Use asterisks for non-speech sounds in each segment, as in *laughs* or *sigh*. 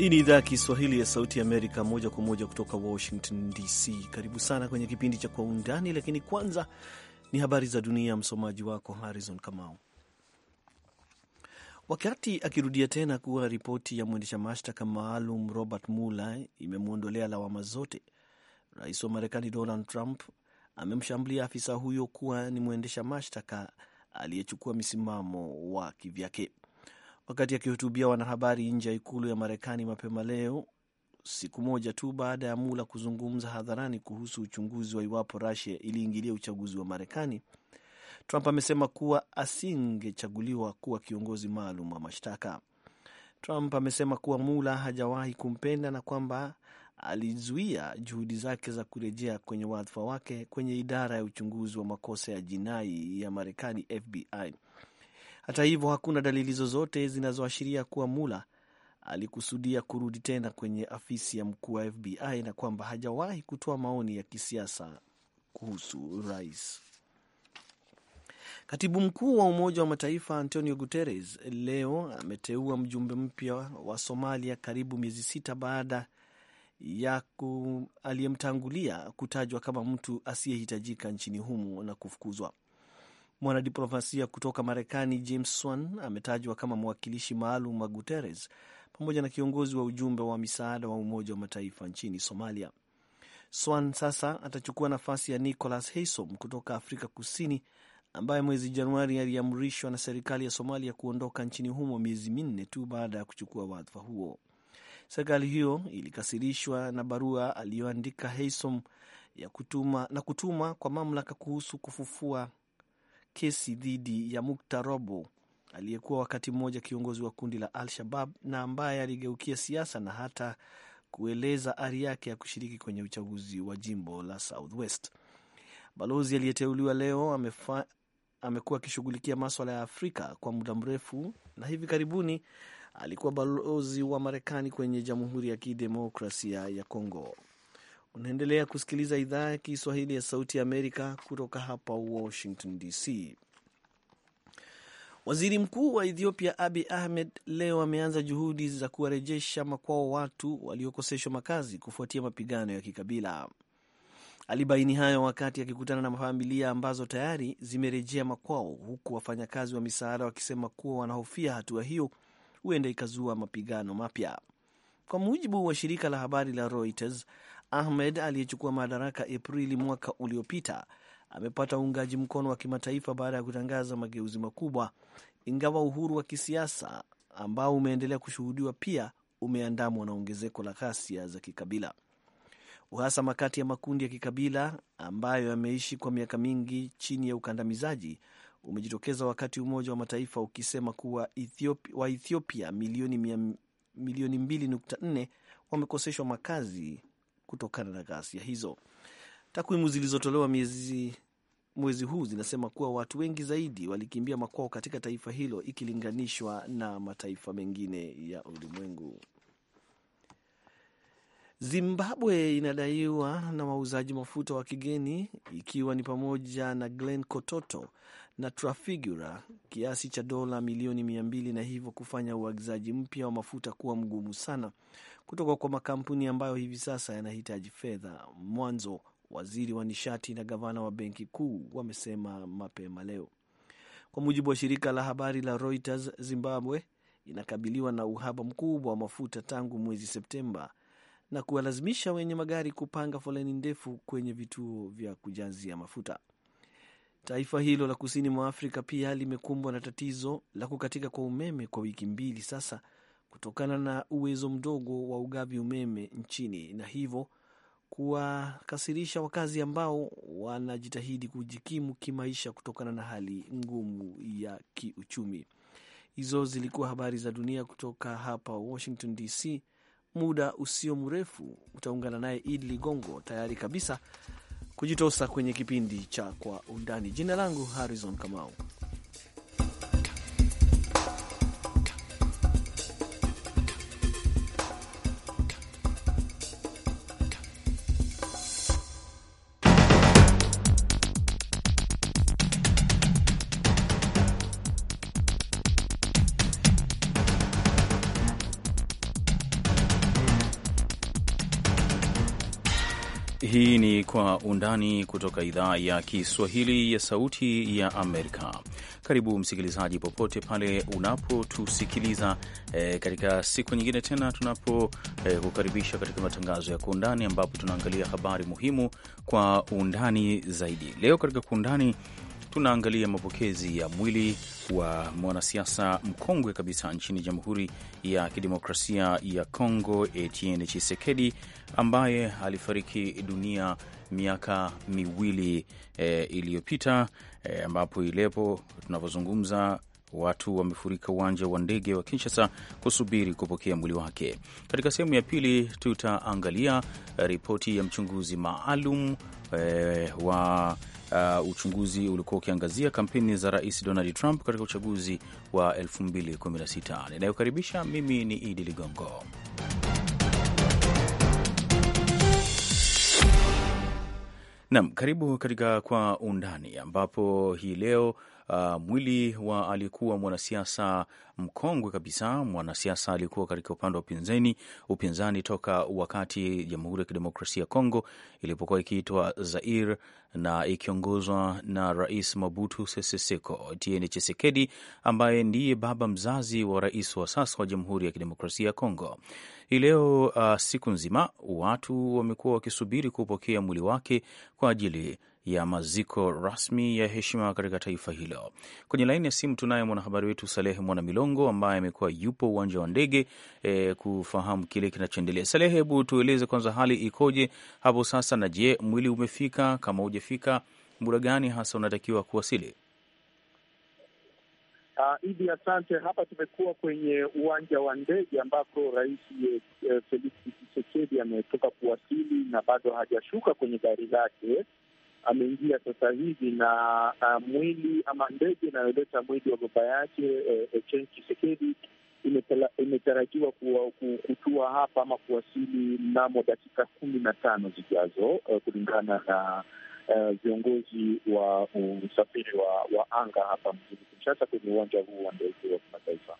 Hii ni idhaa ya Kiswahili ya Sauti ya Amerika, moja kwa moja kutoka Washington DC. Karibu sana kwenye kipindi cha Kwa Undani, lakini kwanza ni habari za dunia. Msomaji wako Harrison Kamau. Wakati akirudia tena kuwa ripoti ya mwendesha mashtaka maalum Robert Mueller imemwondolea lawama zote, rais wa Marekani Donald Trump amemshambulia afisa huyo kuwa ni mwendesha mashtaka aliyechukua misimamo wa kivyake wakati akihutubia wanahabari nje ya ikulu ya Marekani mapema leo, siku moja tu baada ya Mula kuzungumza hadharani kuhusu uchunguzi wa iwapo Russia iliingilia uchaguzi wa Marekani. Trump amesema kuwa asingechaguliwa kuwa kiongozi maalum wa mashtaka. Trump amesema kuwa Mula hajawahi kumpenda na kwamba alizuia juhudi zake za kurejea kwenye wadhifa wake kwenye idara ya uchunguzi wa makosa ya jinai ya Marekani, FBI. Hata hivyo, hakuna dalili zozote zinazoashiria kuwa mula alikusudia kurudi tena kwenye afisi ya mkuu wa FBI na kwamba hajawahi kutoa maoni ya kisiasa kuhusu rais. Katibu mkuu wa Umoja wa Mataifa Antonio Guterres leo ameteua mjumbe mpya wa Somalia karibu miezi sita baada ya aliyemtangulia kutajwa kama mtu asiyehitajika nchini humo na kufukuzwa. Mwanadiplomasia kutoka Marekani James Swan ametajwa kama mwakilishi maalum wa Guterres pamoja na kiongozi wa ujumbe wa misaada wa Umoja wa Mataifa nchini Somalia. Swan sasa atachukua nafasi ya Nicholas Haysom kutoka Afrika Kusini ambaye mwezi Januari aliamrishwa na serikali ya Somalia kuondoka nchini humo miezi minne tu baada ya kuchukua wadhifa huo. Serikali hiyo ilikasirishwa na barua aliyoandika Haysom ya kutuma na kutuma kwa mamlaka kuhusu kufufua kesi dhidi ya Mukta Robo aliyekuwa wakati mmoja kiongozi wa kundi la Al-Shabab na ambaye aligeukia siasa na hata kueleza ari yake ya kushiriki kwenye uchaguzi wa jimbo la Southwest. Balozi aliyeteuliwa leo amefa, amekuwa akishughulikia maswala ya Afrika kwa muda mrefu na hivi karibuni alikuwa balozi wa Marekani kwenye Jamhuri ya Kidemokrasia ya Kongo. Unaendelea kusikiliza idhaa ya Kiswahili ya Sauti ya Amerika kutoka hapa Washington DC. Waziri Mkuu wa Ethiopia Abi Ahmed leo ameanza juhudi za kuwarejesha makwao watu waliokoseshwa makazi kufuatia mapigano ya kikabila. Alibaini hayo wakati akikutana na familia ambazo tayari zimerejea makwao, huku wafanyakazi wa misaada wakisema kuwa wanahofia hatua hiyo huenda ikazua mapigano mapya. Kwa mujibu wa shirika la habari la Reuters, Ahmed aliyechukua madaraka Aprili mwaka uliopita amepata uungaji mkono wa kimataifa baada ya kutangaza mageuzi makubwa, ingawa uhuru wa kisiasa ambao umeendelea kushuhudiwa pia umeandamwa na ongezeko la ghasia za kikabila. Uhasama kati ya makundi ya kikabila ambayo yameishi kwa miaka mingi chini ya ukandamizaji umejitokeza wakati Umoja wa Mataifa ukisema kuwa Ethiopi, wa Ethiopia milioni 2.4 wamekoseshwa makazi kutokana na ghasia hizo. Takwimu zilizotolewa miezi mwezi huu zinasema kuwa watu wengi zaidi walikimbia makwao katika taifa hilo ikilinganishwa na mataifa mengine ya ulimwengu. Zimbabwe inadaiwa na wauzaji mafuta wa kigeni ikiwa ni pamoja na Glen Kototo na Trafigura kiasi cha dola milioni mia mbili na hivyo kufanya uagizaji mpya wa mafuta kuwa mgumu sana kutoka kwa makampuni ambayo hivi sasa yanahitaji fedha mwanzo, waziri wa nishati na gavana wa benki kuu wamesema mapema leo, kwa mujibu wa shirika la habari la Reuters. Zimbabwe inakabiliwa na uhaba mkubwa wa mafuta tangu mwezi Septemba na kuwalazimisha wenye magari kupanga foleni ndefu kwenye vituo vya kujazia mafuta. Taifa hilo la kusini mwa Afrika pia limekumbwa na tatizo la kukatika kwa umeme kwa wiki mbili sasa, kutokana na uwezo mdogo wa ugavi umeme nchini, na hivyo kuwakasirisha wakazi ambao wanajitahidi kujikimu kimaisha kutokana na hali ngumu ya kiuchumi. Hizo zilikuwa habari za dunia kutoka hapa Washington DC muda usio mrefu utaungana naye Idi Ligongo tayari kabisa kujitosa kwenye kipindi cha Kwa Undani. Jina langu Harrison Kamau. undani kutoka idhaa ya Kiswahili ya Sauti ya Amerika. Karibu msikilizaji, popote pale unapotusikiliza e, katika siku nyingine tena tunapokukaribisha eh, e, katika matangazo ya Kwa Undani, ambapo tunaangalia habari muhimu kwa undani zaidi. Leo katika Kwa Undani tunaangalia mapokezi ya mwili wa mwanasiasa mkongwe kabisa nchini Jamhuri ya Kidemokrasia ya Kongo, Etienne Chisekedi ambaye alifariki dunia miaka miwili e, iliyopita e, ambapo ilepo tunavyozungumza watu wamefurika uwanja wa ndege wa Kinshasa kusubiri kupokea mwili wake. Katika sehemu ya pili tutaangalia ripoti ya mchunguzi maalum e, wa uh, uchunguzi ulikuwa ukiangazia kampeni za Rais Donald Trump katika uchaguzi wa 2016. Ninayokaribisha mimi ni Idi Ligongo. Naam, karibu katika Kwa Undani ambapo hii leo uh, mwili wa aliyekuwa mwanasiasa mkongwe kabisa, mwanasiasa aliyekuwa katika upande wa upinzani upinzani toka wakati Jamhuri ya Kidemokrasia ya Kongo ilipokuwa ikiitwa Zaire na ikiongozwa na Rais Mobutu Sese Seko Tieni Chisekedi, ambaye ndiye baba mzazi wa rais wa sasa wa Jamhuri ya Kidemokrasia ya Kongo. Hii leo uh, siku nzima watu wamekuwa wakisubiri kupokea mwili wake kwa ajili ya maziko rasmi ya heshima katika taifa hilo. Kwenye laini ya simu tunaye mwanahabari wetu Salehe Mwana Milongo ambaye amekuwa yupo uwanja wa ndege e, kufahamu kile kinachoendelea. Salehe, hebu tueleze kwanza hali ikoje hapo sasa, na je, mwili umefika? Kama hujafika, muda gani hasa unatakiwa kuwasili? Uh, Idi, asante. Hapa tumekuwa kwenye uwanja wa ndege ambako rais eh, Felix Tshisekedi ametoka kuwasili na bado hajashuka kwenye gari lake ameingia sasa hivi na uh, mwili ama ndege inayoleta mwili wa baba yake eh, eh, Chisekedi imetarajiwa kutua hapa ama kuwasili mnamo dakika kumi na tano zijazo, eh, kulingana na eh, viongozi wa mm, usafiri wa, wa anga hapa mjini Kinshasa kwenye uwanja huu wa ndege wa kimataifa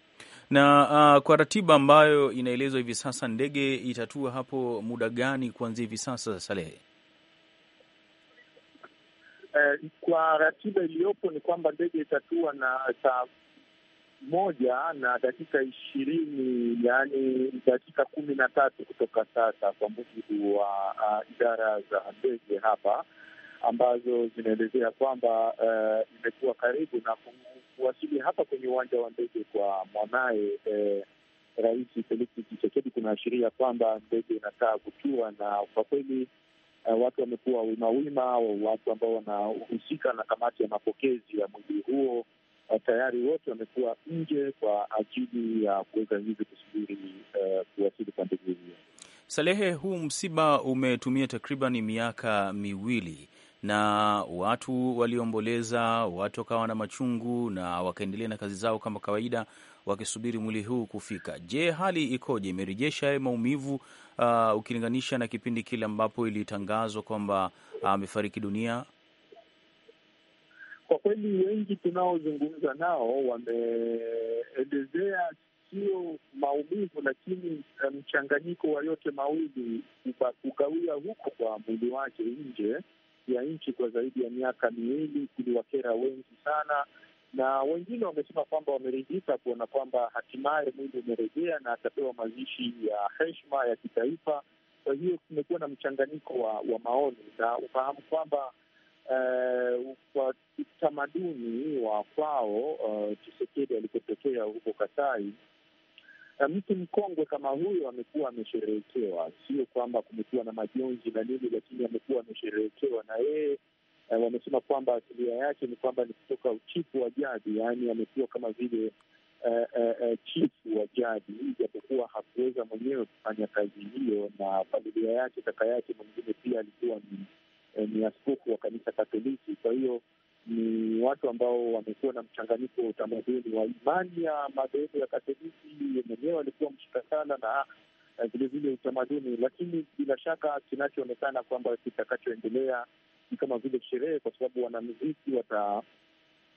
na uh, kwa ratiba ambayo inaelezwa hivi sasa, ndege itatua hapo muda gani kuanzia hivi sasa, Salehe? eh, kwa ratiba iliyopo ni kwamba ndege itatua na saa moja na dakika ishirini yaani dakika kumi na tatu kutoka sasa, kwa mujibu wa uh, idara za ndege hapa ambazo zinaelezea kwamba uh, imekuwa karibu na kuwasili hapa kwenye uwanja wa ndege kwa mwanaye eh, Rais Felix Tshisekedi kunaashiria kwamba ndege inataa kutua, na kwa kweli uh, watu wamekuwa wimawima au watu ambao wanahusika na kamati ya mapokezi ya mwili huo uh, tayari wote wamekuwa nje kwa ajili ya uh, kuweza hivi kusubiri uh, kuwasili kwa ndege hiyo. Salehe, huu msiba umetumia takriban miaka miwili na watu waliomboleza, watu wakawa na machungu na wakaendelea na kazi zao kama kawaida, wakisubiri mwili huu kufika. Je, hali ikoje? Imerejesha yale maumivu uh, ukilinganisha na kipindi kile ambapo ilitangazwa kwamba uh, amefariki uh, dunia? Kwa kweli wengi tunaozungumza nao wameelezea sio maumivu, lakini uh, mchanganyiko um, wa yote mawili, kugawia huko kwa mwili wake nje ya nchi kwa zaidi ya miaka miwili kuliwakera wengi sana na wengine wamesema kwamba wameridhika kuona kwamba hatimaye mwili umerejea na atapewa mazishi ya heshima ya kitaifa. Kwa hiyo kumekuwa na mchanganyiko wa, wa maoni na ufahamu kwamba uh, kwa utamaduni wa kwao uh, Tshisekedi alikotokea huko Kasai na mtu mkongwe kama huyo amekuwa amesherehekewa, sio kwamba kumekuwa na majonzi na nini, lakini amekuwa amesherehekewa na yeye eh, wamesema kwamba asilia yake ni kwamba ni kutoka uchifu wa jadi, yaani amekuwa kama vile eh, eh, eh, chifu wa jadi, ijapokuwa hakuweza mwenyewe kufanya kazi hiyo, na familia yake, kaka yake mwingine pia alikuwa ni, eh, ni askofu wa kanisa Katoliki. Kwa hiyo ni watu ambao wamekuwa na mchanganyiko wa utamaduni wa imani ya madhehebu ya Katoliki, mwenyewe alikuwa mshika sana na vilevile eh, utamaduni. Lakini bila shaka kinachoonekana kwamba kitakachoendelea ni kama vile sherehe, kwa sababu wanamziki wata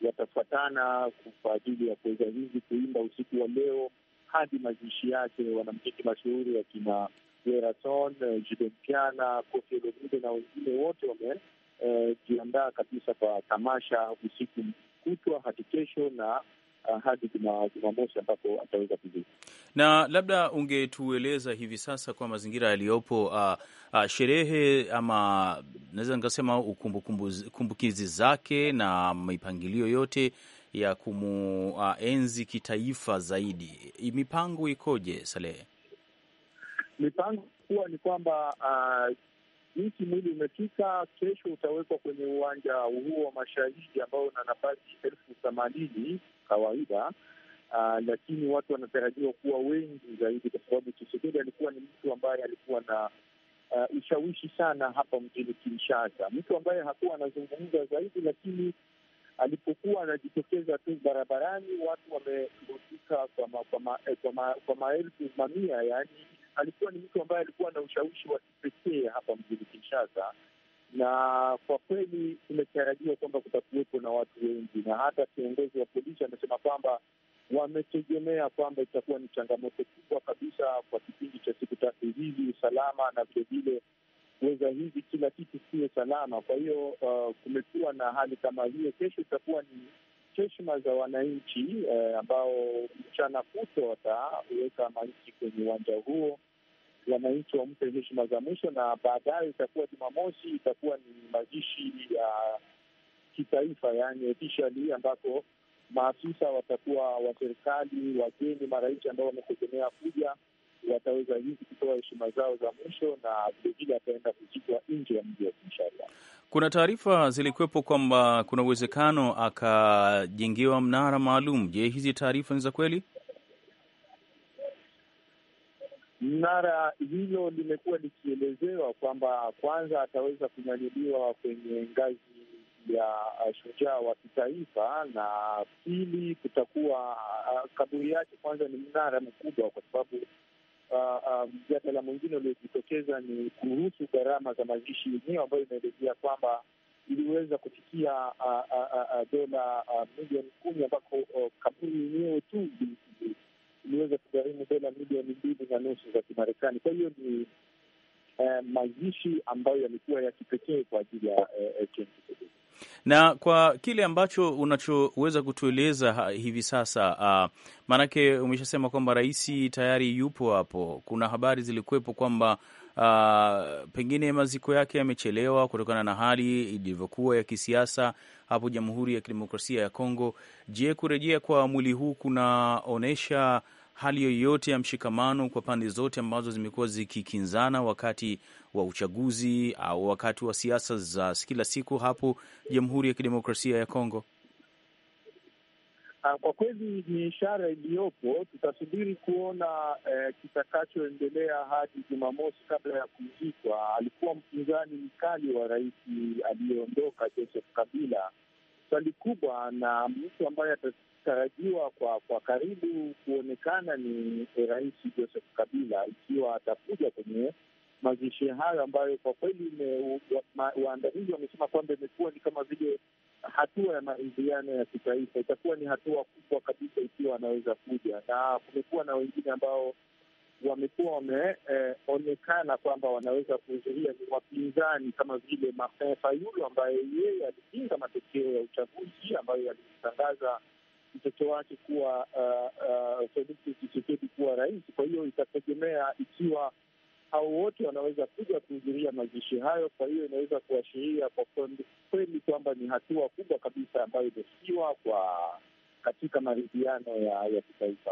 watafuatana kwa ajili ya kuweza hizi kuimba usiku wa leo hadi mazishi yake. wanamziki mashuhuri wakina Werason, eh, Jude Mkiana, Olomide na wengine wote wamejiandaa eh, kabisa kwa tamasha usiku kutwa hadi kesho na Uh, hadi Jumamosi ambapo ataweza kuzika. Na labda ungetueleza hivi sasa kwa mazingira yaliyopo, uh, uh, sherehe ama naweza nikasema ukumbukizi zake na mipangilio yote ya kumuenzi uh, kitaifa zaidi, mipango ikoje Salehe? Mipango kuwa ni kwamba uh, Miki mwili umefika, kesho utawekwa kwenye uwanja huo wa mashahidi ambao una nafasi elfu themanini kawaida. Uh, lakini watu wanatarajiwa kuwa wengi zaidi, kwa sababu Tshisekedi alikuwa ni mtu ambaye alikuwa na uh, ushawishi sana hapa mjini Kinshasa, mtu ambaye hakuwa anazungumza zaidi, lakini alipokuwa anajitokeza tu barabarani watu wamehusika kwa, ma, kwa, ma, kwa, ma, kwa maelfu mamia, yani alikuwa ni mtu ambaye alikuwa na ushawishi wa kipekee hapa mjini Kinshasa, na kwa kweli tumetarajiwa kwamba kutakuwepo na watu wengi, na hata kiongozi wa polisi amesema kwamba wametegemea kwamba itakuwa ni changamoto kubwa kabisa kwa kipindi cha siku tatu hivi usalama na vilevile kuweza hivi kila kitu siwe salama. Kwa hiyo uh, kumekuwa na hali kama hiyo. Kesho itakuwa ni heshima za wananchi eh, ambao mchana kuto wataweka maiti kwenye uwanja huo, wananchi wampe heshima za mwisho, na baadaye itakuwa Jumamosi, itakuwa ni mazishi ya kitaifa, yani officially, ambapo maafisa watakuwa wa serikali, wageni, marais ambao wametegemea kuja wataweza hizi kutoa heshima zao za mwisho na vilevile ataenda kuzikwa nje ya mji wa Kinshasa. Kuna taarifa zilikuwepo kwamba kuna uwezekano akajengewa mnara maalum. Je, hizi taarifa ni za kweli? Mnara hilo limekuwa likielezewa kwamba kwanza ataweza kunyanyuliwa kwenye ngazi ya shujaa wa kitaifa, na pili kutakuwa kaburi yake kwanza ni mnara mkubwa, kwa sababu Ah, ah, mjadala uh, uh, mwingine uliojitokeza ni kuhusu gharama za mazishi yenyewe ambayo inaelezea kwamba iliweza kufikia uh, uh, uh, dola uh, milioni kumi ambako uh, kampuni yenyewe tu iliweza kugharimu dola milioni mbili na nusu za Kimarekani. Kwa hiyo ni uh, mazishi ambayo yalikuwa ya kipekee kwa ajili ya uh, uh, na kwa kile ambacho unachoweza kutueleza hivi sasa uh, maanake umeshasema kwamba rais tayari yupo hapo. Kuna habari zilikuwepo kwamba uh, pengine maziko yake yamechelewa kutokana na hali ilivyokuwa ya kisiasa hapo Jamhuri ya Kidemokrasia ya Kongo. Je, kurejea kwa mwili huu kunaonyesha hali yoyote ya mshikamano kwa pande zote ambazo zimekuwa zikikinzana wakati wa uchaguzi au wakati wa siasa za kila siku hapo Jamhuri ya Kidemokrasia ya Kongo? Ah, kwa kweli ni ishara iliyopo. Tutasubiri kuona eh, kitakachoendelea hadi Jumamosi kabla ya kuzikwa. Alikuwa mpinzani mkali wa rais aliyeondoka Joseph Kabila. Swali kubwa na mtu ambaye tarajiwa kwa kwa karibu kuonekana ni Rais Joseph Kabila ikiwa atakuja kwenye mazishi hayo ambayo kwa kweli waandalizi wamesema kwamba imekuwa ni kama vile hatua ya maridhiano ya kitaifa. Itakuwa ni hatua kubwa kabisa ikiwa anaweza kuja, na kumekuwa na wengine ambao wamekuwa wameonekana eh, kwamba wanaweza kuhudhuria ni wapinzani kama vile Martin Fayulu ambaye yeye alipinga matokeo ya uchaguzi ambayo yalitangaza mtoto wake kuwa uh, uh, Felix Tshisekedi kuwa rais. Kwa hiyo itategemea ikiwa au wote wanaweza kuja kuhudhuria mazishi hayo. Kwa hiyo inaweza kuashiria kwa kweli kwamba ni hatua kubwa kabisa ambayo imefikiwa kwa katika maridhiano ya, ya kitaifa.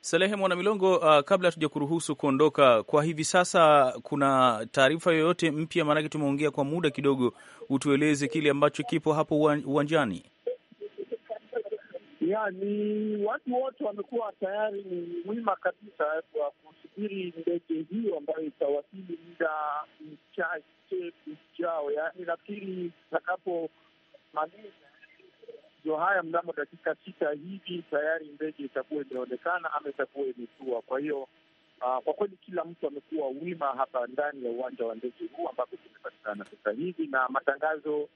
Salehe Milongo, uh, kabla hatuja kuruhusu kuondoka kwa hivi sasa, kuna taarifa yoyote mpya? Maanake tumeongea kwa muda kidogo, utueleze kile ambacho kipo hapo uwanjani. Yani watu wote wamekuwa tayari, ni wima kabisa kwa kusubiri ndege hiyo ambayo itawasili muda mchache ujao. Yani nafikiri itakapomaliza ndio haya mnamo dakika sita hivi tayari ndege itakuwa imeonekana ama itakuwa imetua. Kwa hiyo uh, kwa kweli kila mtu amekuwa wima hapa ndani ya uwanja wa ndege huu ambapo zimepatikana sasa hivi, na matangazo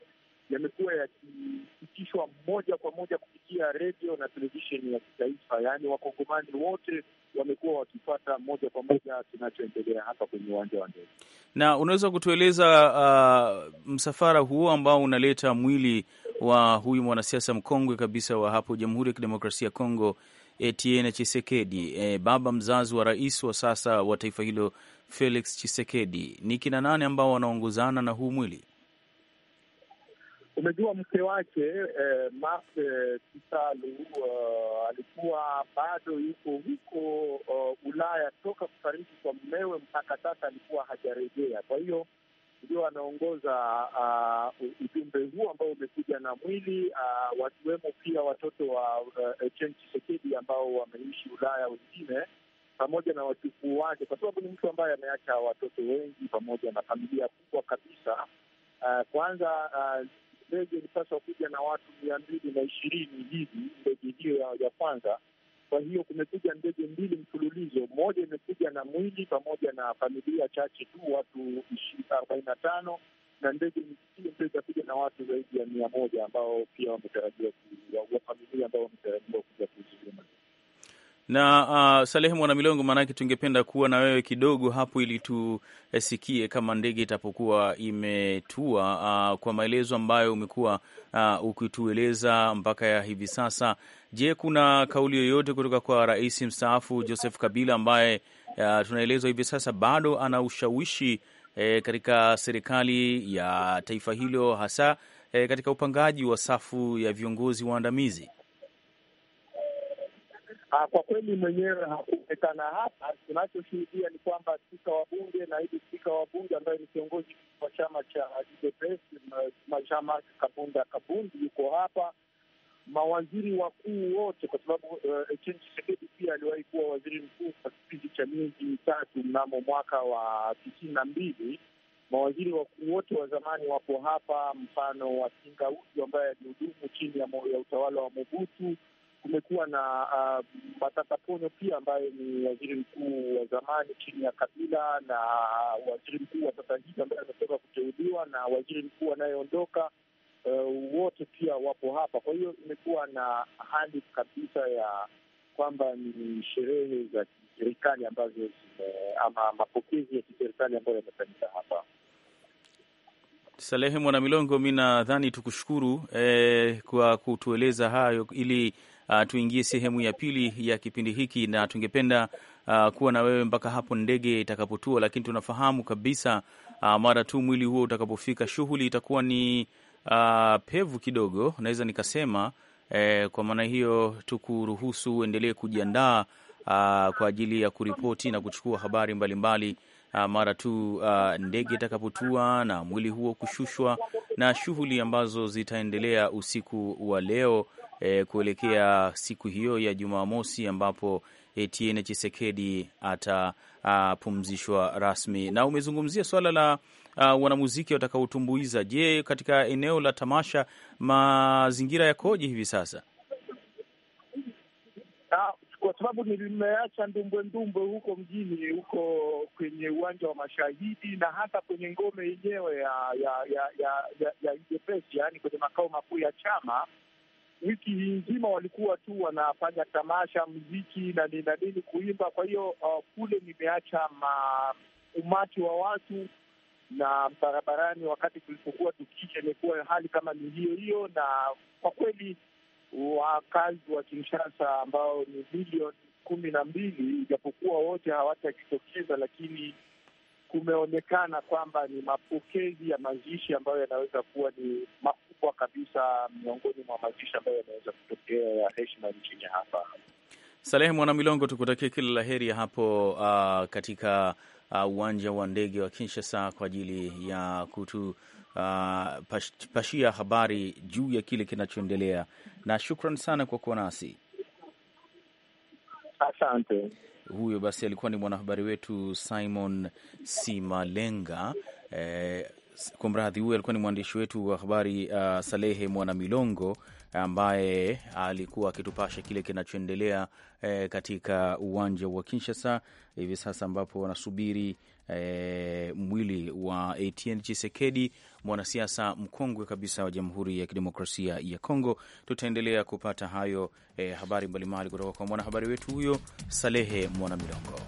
yamekuwa yakipitishwa moja kwa moja kupitia redio na televisheni ya kitaifa. Yaani wakongomani wote wamekuwa wakipata moja kwa moja kinachoendelea hapa kwenye uwanja wa ndege. Na unaweza kutueleza uh, msafara huo ambao unaleta mwili wa huyu mwanasiasa mkongwe kabisa wa hapo Jamhuri ya Kidemokrasia ya Kongo, Etienne Chisekedi, e, baba mzazi wa rais wa sasa wa taifa hilo Felix Chisekedi, ni kina nane ambao wanaongozana na huu mwili? Umejua mke wake eh, Marc eh, Kisalu uh, alikuwa bado yuko huko uh, Ulaya toka kufariki kwa mmewe mpaka sasa alikuwa hajarejea. Kwa hiyo ndio anaongoza uh, ujumbe huu ambao umekuja na mwili uh, wakiwemo pia watoto wa uh, chisekedi ambao wameishi Ulaya wengine pamoja na wajukuu wake, kwa sababu ni mtu ambaye ameacha watoto wengi pamoja na familia kubwa kabisa. Uh, kwanza uh, ndege ilipaswa kuja na watu mia mbili na ishirini hivi, ndege hiyo ya, ya kwanza. Kwa hiyo kumekuja ndege mbili mfululizo, moja imekuja na mwili pamoja na familia chache tu, watu arobaini na tano na ndege nyingine ndio itakuja na watu zaidi ya mia moja ambao pia wametarajiwa, familia ambao wametarajiwa kuja kuzizima na uh, Salehe Mwana Milongo, maanake tungependa kuwa na wewe kidogo hapo ili tusikie kama ndege itapokuwa imetua, uh, kwa maelezo ambayo umekuwa uh, ukitueleza mpaka ya hivi sasa. Je, kuna kauli yoyote kutoka kwa rais mstaafu Joseph Kabila ambaye uh, tunaelezwa hivi sasa bado ana ushawishi E, katika serikali ya taifa hilo hasa e, katika upangaji wa safu ya viongozi waandamizi. Ah, kwa kweli mwenyewe hakuonekana hapa. Tunachoshuhudia ni kwamba spika wa bunge, naibu spika wa bunge ambaye ni kiongozi wa chama cha Majama Kabunda Kabundi yuko hapa, mawaziri wakuu wote, kwa sababu uh, eh, Chisekedi pia aliwahi kuwa waziri mkuu kwa kipindi cha miezi mitatu mnamo mwaka wa tisini na mbili. Mawaziri wakuu wote wa zamani wapo hapa, mfano wa Singauju ambaye alihudumu chini ya, ya utawala wa Mobutu kumekuwa na uh, matataponyo pia ambaye ni waziri mkuu wa zamani chini ya Kabila na waziri mkuu wa sasa hivi ambaye ametoka kuteuliwa na waziri mkuu anayeondoka, uh, wote pia wapo hapa. Kwa hiyo imekuwa na hali kabisa ya kwamba ni sherehe za kiserikali ambazo ama mapokezi ya kiserikali ambayo yamefanyika hapa. Salehe Mwanamilongo, Milongo, mi nadhani tukushukuru eh, kwa kutueleza hayo ili uh, tuingie sehemu ya pili ya kipindi hiki, na tungependa uh, kuwa na wewe mpaka hapo ndege itakapotua, lakini tunafahamu kabisa uh, mara tu mwili huo utakapofika, shughuli itakuwa ni uh, pevu kidogo, naweza nikasema eh, kwa maana hiyo tukuruhusu uendelee kujiandaa uh, kwa ajili ya kuripoti na kuchukua habari mbalimbali mbali. Uh, mara tu uh, ndege itakapotua na mwili huo kushushwa na shughuli ambazo zitaendelea usiku wa leo e, kuelekea siku hiyo ya Jumamosi ambapo Etienne Chisekedi atapumzishwa uh, rasmi. Na umezungumzia swala la a, uh, wanamuziki watakaotumbuiza. Je, katika eneo la tamasha mazingira yakoje hivi sasa? Ah, kwa sababu nimeacha ndumbwendumbwe huko mjini, huko kwenye uwanja wa Mashahidi na hata kwenye ngome yenyewe ya ya ya ya, ya, ya, ya, yani kwenye makao makuu ya chama wiki nzima walikuwa tu wanafanya tamasha, mziki na nini na nini, kuimba. Kwa hiyo uh, kule nimeacha umati wa watu na barabarani, wakati tulipokuwa tukisha, imekuwa hali kama ni hiyo hiyo, na kwa kweli wakazi wa Kinshasa ambao ni milioni kumi na mbili, ijapokuwa wote hawatajitokeza, lakini kumeonekana kwamba ni mapokezi ya mazishi ambayo yanaweza kuwa ni kubwa kabisa miongoni mwa mazishi ambayo yanaweza kutokea ya heshima nchini hapa. Salehe Milongo, tukutakie kila la heri hapo uh, katika uh, uwanja uh, wa ndege wa Kinshasa kwa ajili ya kutu Uh, pash, pashia habari juu ya kile kinachoendelea, na shukran sana kwa kuwa nasi, asante. Huyo basi alikuwa ni mwanahabari wetu Simon Simalenga eh, Kumradhi, huyu alikuwa ni mwandishi wetu wa habari uh, Salehe Mwanamilongo ambaye alikuwa akitupasha kile kinachoendelea eh, katika uwanja wa Kinshasa hivi sasa ambapo wanasubiri eh, mwili wa Etienne chisekedi mwanasiasa mkongwe kabisa wa Jamhuri ya Kidemokrasia ya Kongo. Tutaendelea kupata hayo eh, habari mbalimbali kutoka kwa mwanahabari wetu huyo Salehe Mwanamilongo.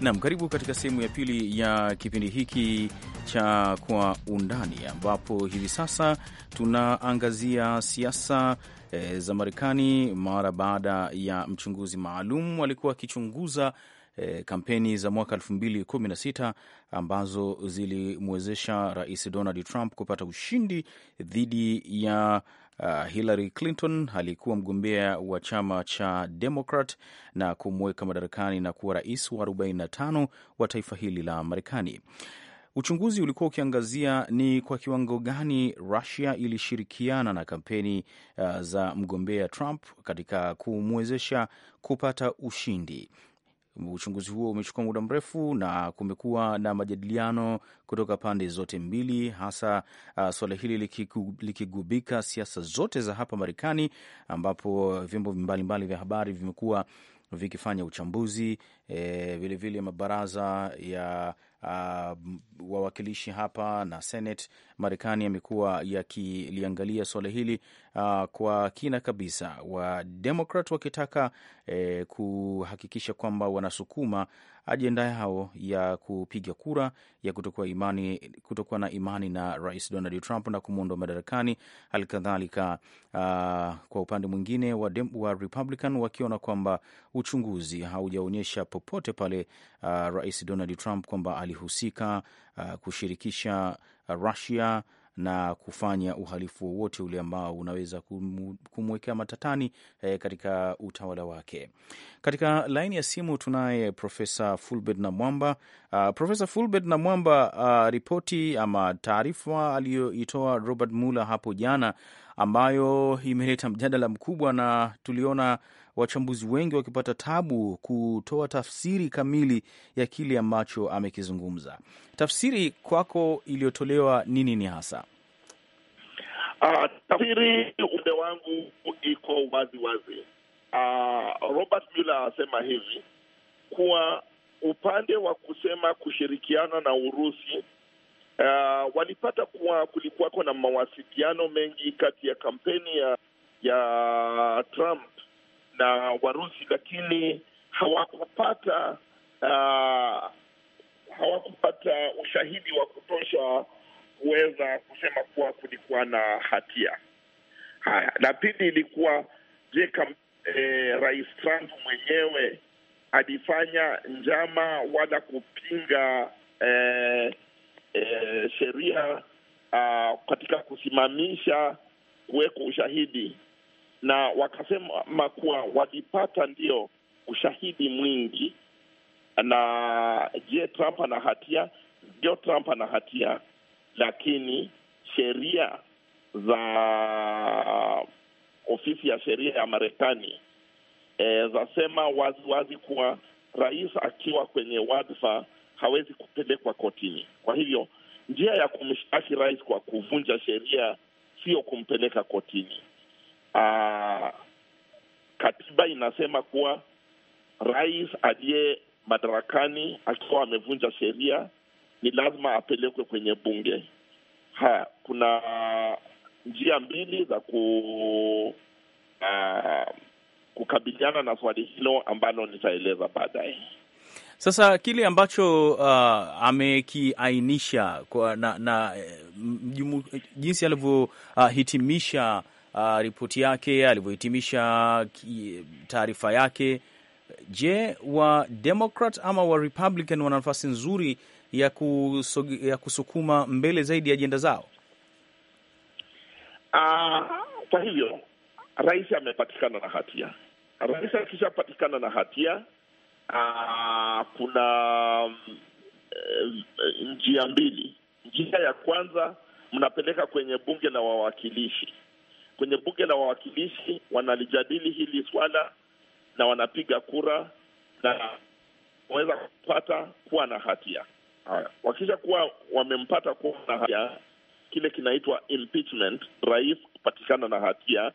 Nam, karibu katika sehemu ya pili ya kipindi hiki cha Kwa Undani, ambapo hivi sasa tunaangazia siasa e, za Marekani mara baada ya mchunguzi maalum alikuwa akichunguza e, kampeni za mwaka 2016 ambazo zilimwezesha Rais Donald Trump kupata ushindi dhidi ya uh, Hillary Clinton alikuwa mgombea wa chama cha Democrat na kumweka madarakani na kuwa rais wa 45 wa taifa hili la Marekani. Uchunguzi ulikuwa ukiangazia ni kwa kiwango gani Rusia ilishirikiana na kampeni uh, za mgombea Trump katika kumwezesha kupata ushindi Uchunguzi huo umechukua muda mrefu na kumekuwa na majadiliano kutoka pande zote mbili, hasa uh, suala hili likigubika likigubika siasa zote za hapa Marekani, ambapo vyombo mbalimbali vya habari vimekuwa vikifanya uchambuzi vilevile, eh, vile mabaraza ya uh, wawakilishi hapa na Senate Marekani yamekuwa yakiliangalia suala hili uh, kwa kina kabisa, Wademokrat wakitaka eh, kuhakikisha kwamba wanasukuma ajenda yao ya kupiga kura ya kutokuwa imani, kutokuwa na imani na Rais Donald Trump na kumwondoa madarakani. kadhalika uh, kwa upande mwingine wa, dem, wa Republican wakiona kwamba uchunguzi haujaonyesha popote pale uh, Rais Donald Trump kwamba alihusika uh, kushirikisha Russia na kufanya uhalifu wowote ule ambao unaweza kumwekea matatani eh, katika utawala wake. Katika laini ya simu tunaye Profesa Fulbert Namwamba. Uh, Profesa Fulbert Namwamba, uh, ripoti ama taarifa aliyoitoa Robert Mueller hapo jana ambayo imeleta mjadala mkubwa na tuliona wachambuzi wengi wakipata tabu kutoa tafsiri kamili ya kile ambacho amekizungumza. Tafsiri kwako iliyotolewa ni nini hasa? Uh, tafsiri upande wangu iko wazi wazi. Uh, Robert Mueller asema hivi kuwa upande wa kusema kushirikiana na Urusi uh, walipata kuwa kulikuwako na mawasiliano mengi kati ya kampeni ya ya Trump na Warusi, lakini hawakupata uh, hawakupata ushahidi wa kutosha kuweza kusema kuwa kulikuwa na hatia. Haya, la pili ilikuwa je, kam, eh, Rais Trump mwenyewe alifanya njama wala kupinga eh, eh, sheria uh, katika kusimamisha kuweka ushahidi na wakasema kuwa walipata ndio ushahidi mwingi, na je, Trump ana hatia? Ndio, Trump ana hatia, lakini sheria za ofisi ya sheria ya Marekani e, zasema waziwazi kuwa rais akiwa kwenye wadhifa hawezi kupelekwa kotini. Kwa hivyo njia ya kumshtaki rais kwa kuvunja sheria sio kumpeleka kotini. Ah, katiba inasema kuwa rais aliye madarakani akiwa amevunja sheria ni lazima apelekwe kwenye bunge. haya kuna njia mbili za ku uh, kukabiliana na swali hilo ambalo nitaeleza baadaye. Sasa kile ambacho uh, amekiainisha na, na eh, jinsi alivyohitimisha uh, uh, ripoti yake alivyohitimisha taarifa yake. Je, wa Democrat ama wa Republican wana nafasi nzuri ya, kusogi, ya kusukuma mbele zaidi ya ajenda zao? Ah, kwa uh, hivyo rais amepatikana na hatia. Rais akishapatikana na hatia uh, kuna eh, njia mbili. Njia ya kwanza mnapeleka kwenye bunge la wawakilishi kwenye bunge la wawakilishi wanalijadili hili swala na wanapiga kura na waweza kupata kuwa na hatia. Haya, wakisha kuwa wamempata kuwa na hatia, kile kinaitwa impeachment, rais kupatikana na hatia,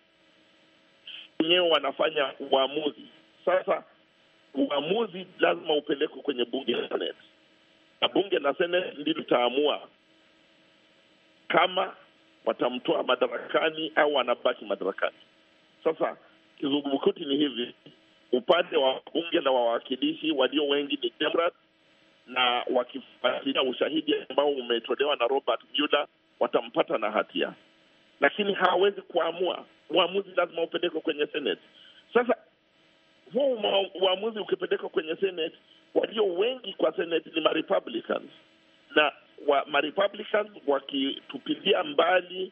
wenyewe wanafanya uamuzi. Sasa uamuzi lazima upelekwe kwenye bunge la Senate, na bunge la Senate ndilo litaamua kama watamtoa madarakani au wanabaki madarakani. Sasa kizungumkuti ni hivi, upande wa bunge la wawakilishi walio wengi ni Democrat, na wakifuatilia ushahidi ambao umetolewa na Robert Mueller watampata na hatia, lakini hawawezi kuamua. Uamuzi lazima upelekwe kwenye Senate. Sasa huu uamuzi ukipelekwa kwenye Senate, walio wengi kwa Senate ni ma Republicans na wa marepublicans wakitupilia mbali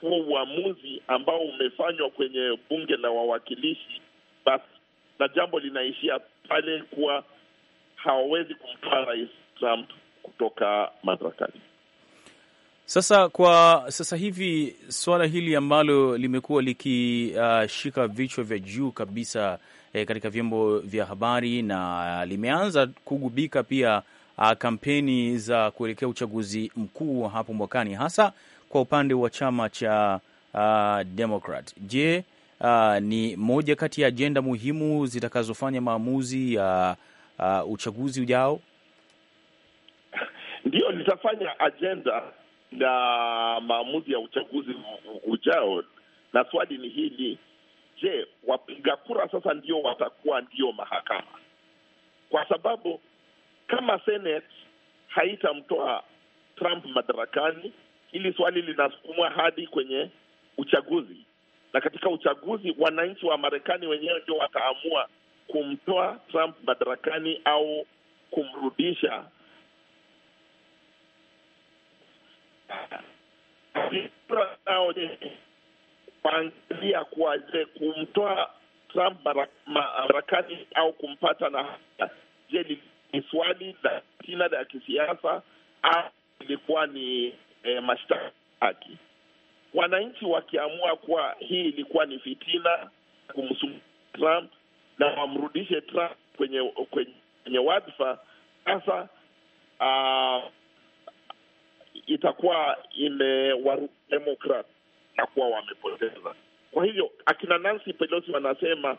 huo uamuzi ambao umefanywa kwenye bunge la wawakilishi, basi na jambo linaishia pale kuwa hawawezi kumtoa rais Trump kutoka madarakani. Sasa kwa sasa hivi suala hili ambalo limekuwa likishika uh, vichwa vya juu kabisa eh, katika vyombo vya habari na limeanza kugubika pia uh, kampeni za kuelekea uchaguzi mkuu hapo mwakani, hasa kwa upande wa chama cha uh, Democrat. Je, uh, ni moja kati ya ajenda muhimu zitakazofanya maamuzi ya uh, uh, uchaguzi ujao? *laughs* ndio litafanya ajenda na maamuzi ya uchaguzi ujao, na swali ni hili: je, wapiga kura sasa ndio watakuwa ndio mahakama? Kwa sababu kama Senate haitamtoa Trump madarakani, hili swali linasukumwa hadi kwenye uchaguzi, na katika uchaguzi wananchi wa Marekani wenyewe ndio wataamua kumtoa Trump madarakani au kumrudisha kuangalia kuwa je, kumtoa Trump madarakani au kumpata na je ni swali la kina la kisiasa au ilikuwa ni e, mashtaka haki. Wananchi wakiamua kuwa hii ilikuwa ni fitina kumsumbua Trump na wamrudishe Trump kwenye kwenye, kwenye wadhifa sasa, uh, itakuwa imewaruka Demokrat na kuwa wamepoteza. Kwa hivyo akina Nancy Pelosi wanasema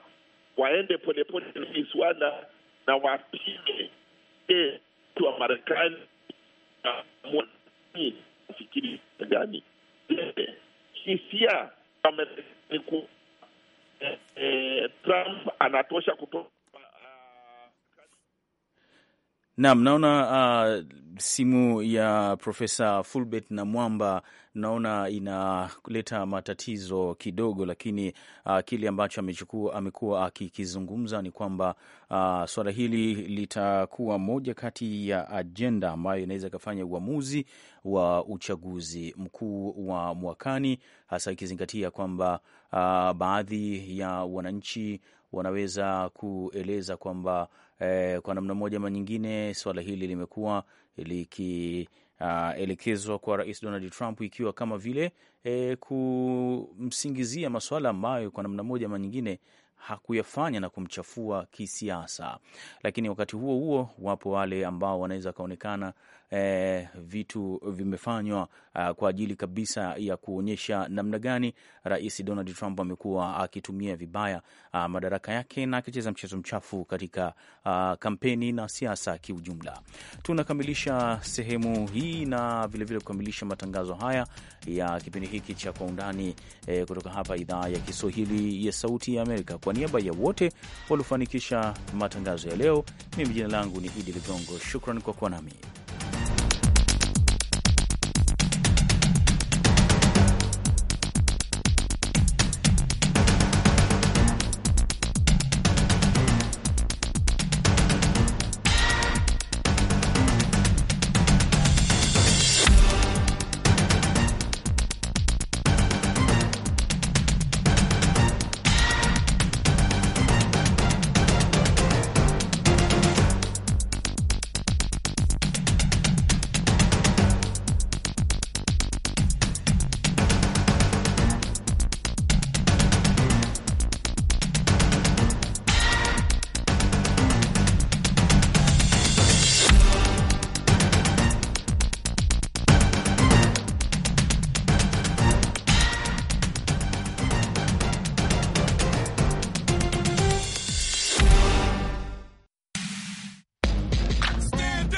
waende polepole na hii swala na wapime e, wa Marekani nafikiri gani hisia eh, eh, Trump anatosha kutoka Naam, naona uh, simu ya Profesa Fulbert na Mwamba naona inaleta matatizo kidogo, lakini uh, kile ambacho amechukua amekuwa akikizungumza ni kwamba uh, suala hili litakuwa moja kati ya ajenda ambayo inaweza ikafanya uamuzi wa uchaguzi mkuu wa mwakani, hasa ikizingatia kwamba uh, baadhi ya wananchi wanaweza kueleza kwamba eh, kwa namna moja ama nyingine suala hili limekuwa likielekezwa uh, kwa Rais Donald Trump ikiwa kama vile eh, kumsingizia masuala ambayo kwa namna moja ama nyingine hakuyafanya na kumchafua kisiasa. Lakini wakati huo huo, wapo wale ambao wanaweza wakaonekana eh, vitu vimefanywa uh, kwa ajili kabisa ya kuonyesha namna gani Rais Donald Trump amekuwa akitumia vibaya uh, madaraka yake na akicheza mchezo mchafu katika uh, kampeni na siasa kiujumla. Tunakamilisha sehemu hii na vilevile kukamilisha matangazo haya ya kipindi hiki cha Kwa Undani eh, kutoka hapa idhaa ya Kiswahili ya Sauti ya Amerika. Kwa niaba ya wote waliofanikisha matangazo ya leo, mimi jina langu ni Idi Ligongo. Shukran kwa kuwa nami.